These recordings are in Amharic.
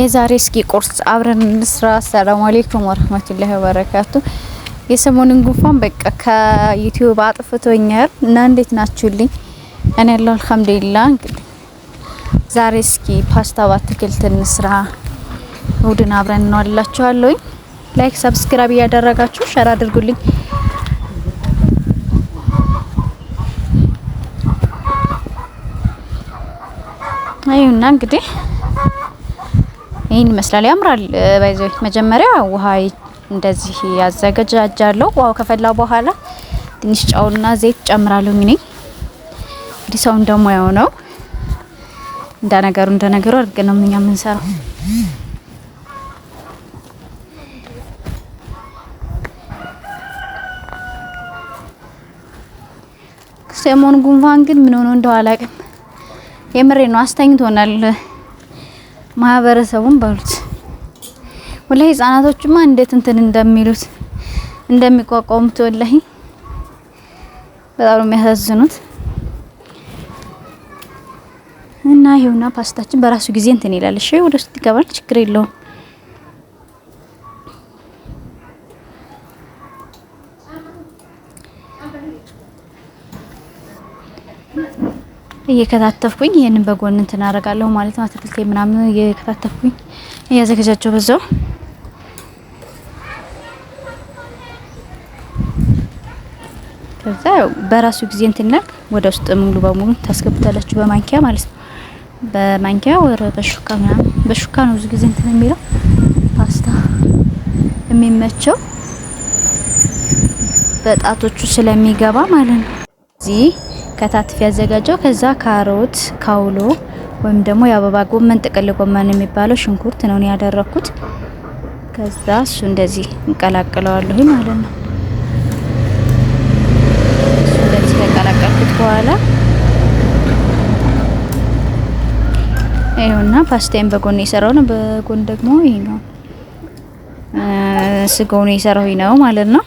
የዛሬ እስኪ ቁርስ አብረን እንስራ። አሰላሙ አለይኩም ወረህመቱላሂ ወበረካቱ። የሰሞኑን ጉንፋን በቃ ከዩቲዩብ አጥፍቶኛል እና እንዴት ናችሁልኝ? እኔ ያለው አልሐምዱሊላ። እንግዲህ ዛሬ እስኪ ፓስታ በአትክልት እንስራ። እሁድን አብረን እንዋላችኋለሁኝ። ላይክ ሰብስክራይብ እያደረጋችሁ ሸር አድርጉልኝ። አይና እንግዲህ ይህን ይመስላል። ያምራል። ባይዘ መጀመሪያ ውሃ እንደዚህ ያዘገጃጃለሁ። ውሃው ከፈላ በኋላ ትንሽ ጨውና ዘይት ጨምራለሁ። እኔ እንግዲህ ሰው እንደሙያው ነው። እንደነገሩ እንደነገሩ አድርገን ነው እኛ የምንሰራው። ሰሞኑን ጉንፋን ግን ምን ሆኖ እንደው አላውቅም። የምሬ ነው አስተኝቶናል። ማህበረሰቡን ባሉት ወላ ህጻናቶችማ እንዴት እንትን እንደሚሉት እንደሚቋቋሙት ወላሂ በጣም ነው የሚያሳዝኑት። እና ይኸውና ፓስታችን በራሱ ጊዜ እንትን ይላል። እሺ ወደ ውስጥ ይገባል፣ ችግር የለውም። እየከታተፍኩኝ ይህንን በጎን እንትን አደርጋለሁ ማለት ነው። አትክልቴ ምናምን እየከታተፍኩኝ እያዘገጃቸው በዛው ከዛ በራሱ ጊዜ እንትና ወደ ውስጥ ሙሉ በሙሉ ታስገብታላችሁ በማንኪያ ማለት ነው። በማንኪያ ወረ በሹካ ምናምን በሹካ ነው ብዙ ጊዜ እንትን የሚለው ፓስታ የሚመቸው በጣቶቹ ስለሚገባ ማለት ነው እዚህ ከታትፍ ያዘጋጀው። ከዛ ካሮት ካውሎ ወይም ደግሞ የአበባ ጎመን ጥቅል ጎመን የሚባለው ሽንኩርት ነው ያደረኩት። ከዛ እሱ እንደዚህ እንቀላቅለዋለሁ ማለት ነው። እሱ እንደዚህ ከቀላቀልኩት በኋላ ይኸውና ፓስታዬን በጎን የሰራው ነው። በጎን ደግሞ ይሄ ይሄኛው ስጋውን የሰራው ነው ማለት ነው።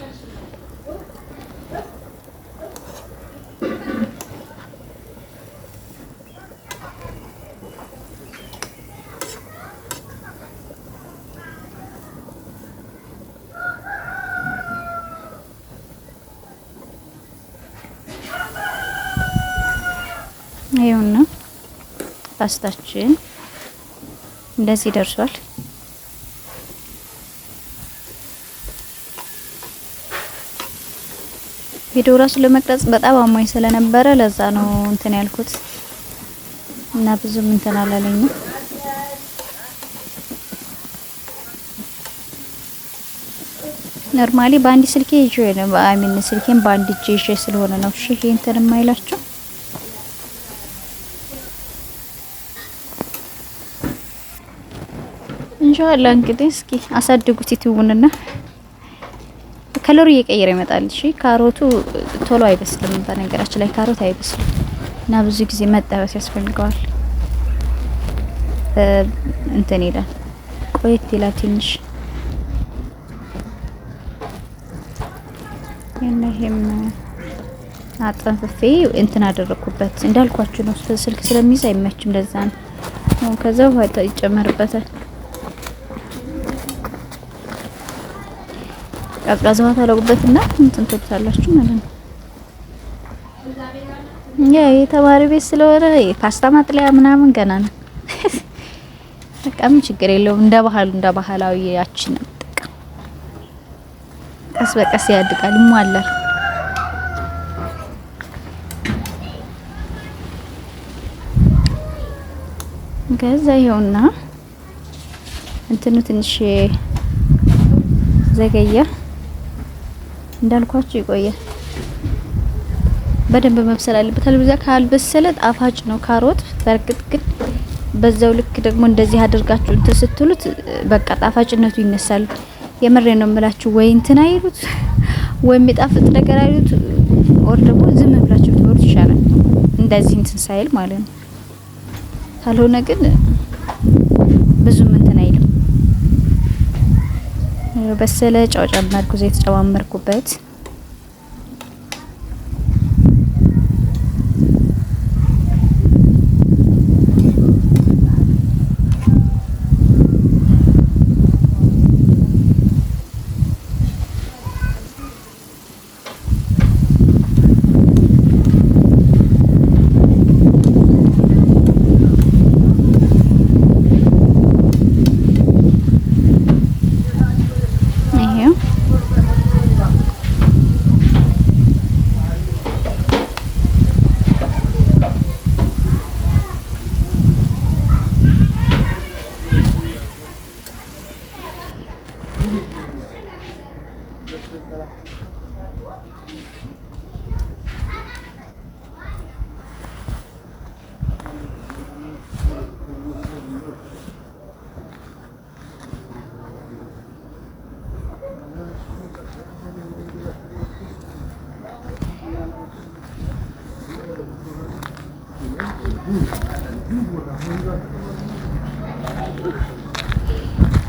ፓስታችን እንደዚህ ደርሷል። ቪዲዮ ራሱ ለመቅረጽ በጣም አሟኝ ስለነበረ ለዛ ነው እንትን ያልኩት እና ብዙም እንትን አላለኝም። ኖርማሊ በአንድ ስልኬ ይዤ ነው፣ አይ ሚን ስልኬን በአንድ እጄ ይዤ ስለሆነ ነው። እሺ ይሄ እንትን የማይላቸው ኢንሻአላህ እንግዲህ እስኪ አሳድጉት ይትውንና ከለሩ እየቀየረ ይመጣል። እሺ ካሮቱ ቶሎ አይበስልም። በነገራችን ላይ ካሮት አይበስልም እና ብዙ ጊዜ መጠበስ ያስፈልገዋል። እንትን ይላል፣ ቆየት ይላል ትንሽ ይሄም አጠንፍፌ እንትን አደረኩበት። እንዳልኳችሁ ነው ስልክ ስለሚይዝ አይመችም። ለዛ ነው ከዛ ይጨመርበታል። ቀዝቃዛ ውሃ ታደርጉበትና እንትን ትብታላችሁ ማለት ነው። ያ የተማሪ ቤት ስለሆነ የፓስታ ማጥለያ ምናምን ገና ነው። በቃም ችግር የለውም። እንደ ባህሉ እንደ ባህላዊ ያችን ነው የምጠቀም። ቀስ በቀስ ያድጋል፣ ይሟላል። ከዛ ይኸውና እንትኑ ትንሽ ዘገየ። እንዳልኳችሁ ይቆያል። በደንብ መብሰል አለበት። አለበለዚያ ካልበሰለ ጣፋጭ ነው ካሮት። በርግጥ ግን በዛው ልክ ደግሞ እንደዚህ አድርጋችሁ እንትን ስትሉት በቃ ጣፋጭነቱ ይነሳል። የምሬ ነው የምላችሁ። ወይ እንትን አይሉት ወይ የሚጣፍጥ ነገር አይሉት፣ ኦር ደግሞ ዝም ብላችሁ ትበሉት ይሻላል። እንደዚህ እንትን ሳይል ማለት ነው። ካልሆነ ግን ብዙም በሰለ ጨው ጨመርኩ፣ ዘይት ጨማመርኩበት።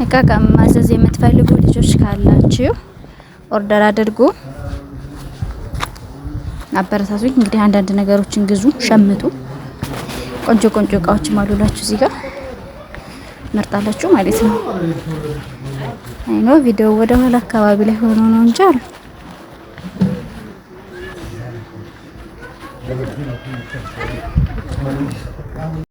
እቃ እቃ ማዘዝ የምትፈልጉ ልጆች ካላችሁ ኦርደር አድርጉ። አበረታቱኝ። እንግዲህ አንዳንድ ነገሮችን ግዙ፣ ሸምቱ። ቆንጆ ቆንጆ እቃዎችም አሉላችሁ እዚህ ጋር መርጣላችሁ ማለት ነው። አይኖ ቪዲዮ ወደ ኋላ አካባቢ ላይ ሆኖ ነው እንጂ አሉ money.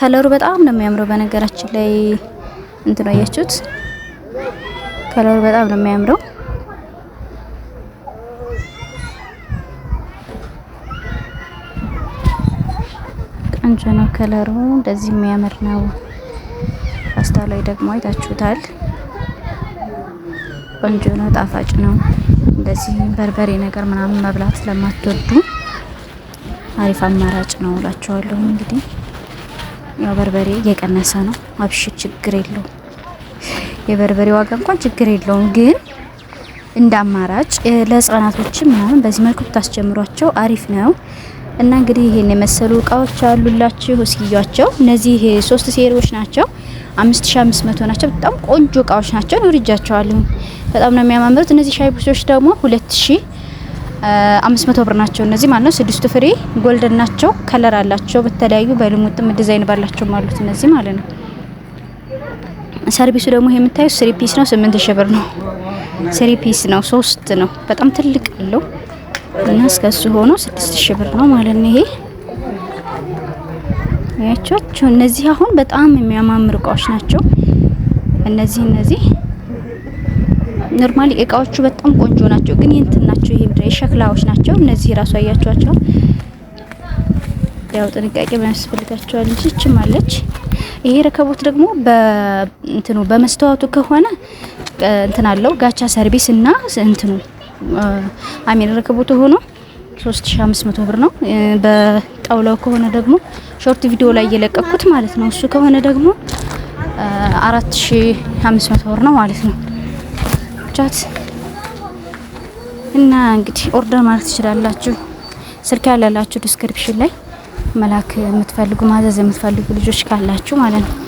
ከለሩ በጣም ነው የሚያምረው። በነገራችን ላይ እንትን አያችሁት? ከለሩ በጣም ነው የሚያምረው። ቆንጆ ነው ከለሩ፣ እንደዚህ የሚያምር ነው። ፓስታ ላይ ደግሞ አይታችሁታል። ቆንጆ ነው፣ ጣፋጭ ነው። እንደዚህ በርበሬ ነገር ምናምን መብላት ለማትወዱ አሪፍ አማራጭ ነው እላችኋለሁ እንግዲህ ያው በርበሬ እየቀነሰ ነው። አብሽ ችግር የለውም። የበርበሬ ዋጋ እንኳን ችግር የለውም ግን እንደ አማራጭ ለህፃናቶችም ምናምን በዚህ መልኩ ብታስጀምሯቸው አሪፍ ነው እና እንግዲህ ይሄን የመሰሉ እቃዎች አሉላችሁ እስኪያቸው። እነዚህ ሶስት ሴሪዎች ናቸው፣ 5500 ናቸው። በጣም ቆንጆ እቃዎች ናቸው። ነው ርጃቸዋለሁ። በጣም ነው የሚያማምሩት። እነዚህ ሻይ ቡሶች ደግሞ 2000 አምስት መቶ ብር ናቸው እነዚህ ማለት ነው። ስድስቱ ፍሬ ጎልደን ናቸው። ከለር አላቸው በተለያዩ በልሙጥም ዲዛይን ባላቸው አሉት እነዚህ ማለት ነው። ሰርቪሱ ደግሞ ይሄ የምታዩት ስሪ ፒስ ነው። ስምንት ሺህ ብር ነው። ስሪ ፒስ ነው፣ ሶስት ነው። በጣም ትልቅ አለው እና እስከሱ ሆኖ ስድስት ሺህ ብር ነው ማለት ነው። ይሄ ያቾቹ እነዚህ አሁን በጣም የሚያማምሩ እቃዎች ናቸው። እነዚህ እነዚህ ኖርማሊ እቃዎቹ በጣም ቆንጆ ናቸው፣ ግን ይንትና ይሄም ምንድነው? ሸክላዎች ናቸው እነዚህ ራሱ አያችኋቸው። ያው ጥንቃቄ ያስፈልጋቸዋል እንጂ እችም አለች። ይሄ ረከቦት ደግሞ በእንትኑ በመስተዋቱ ከሆነ እንትን አለው ጋቻ ሰርቪስ እና እንትኑ አሚን ረከቦቱ ሆኖ 3500 ብር ነው። በጣውላው ከሆነ ደግሞ ሾርት ቪዲዮ ላይ እየለቀኩት ማለት ነው። እሱ ከሆነ ደግሞ 4500 ብር ነው ማለት ነው። ቻት እና እንግዲህ ኦርደር ማድረግ ትችላላችሁ። ስልክ ያላላችሁ ዲስክሪፕሽን ላይ መላክ የምትፈልጉ ማዘዝ የምትፈልጉ ልጆች ካላችሁ ማለት ነው።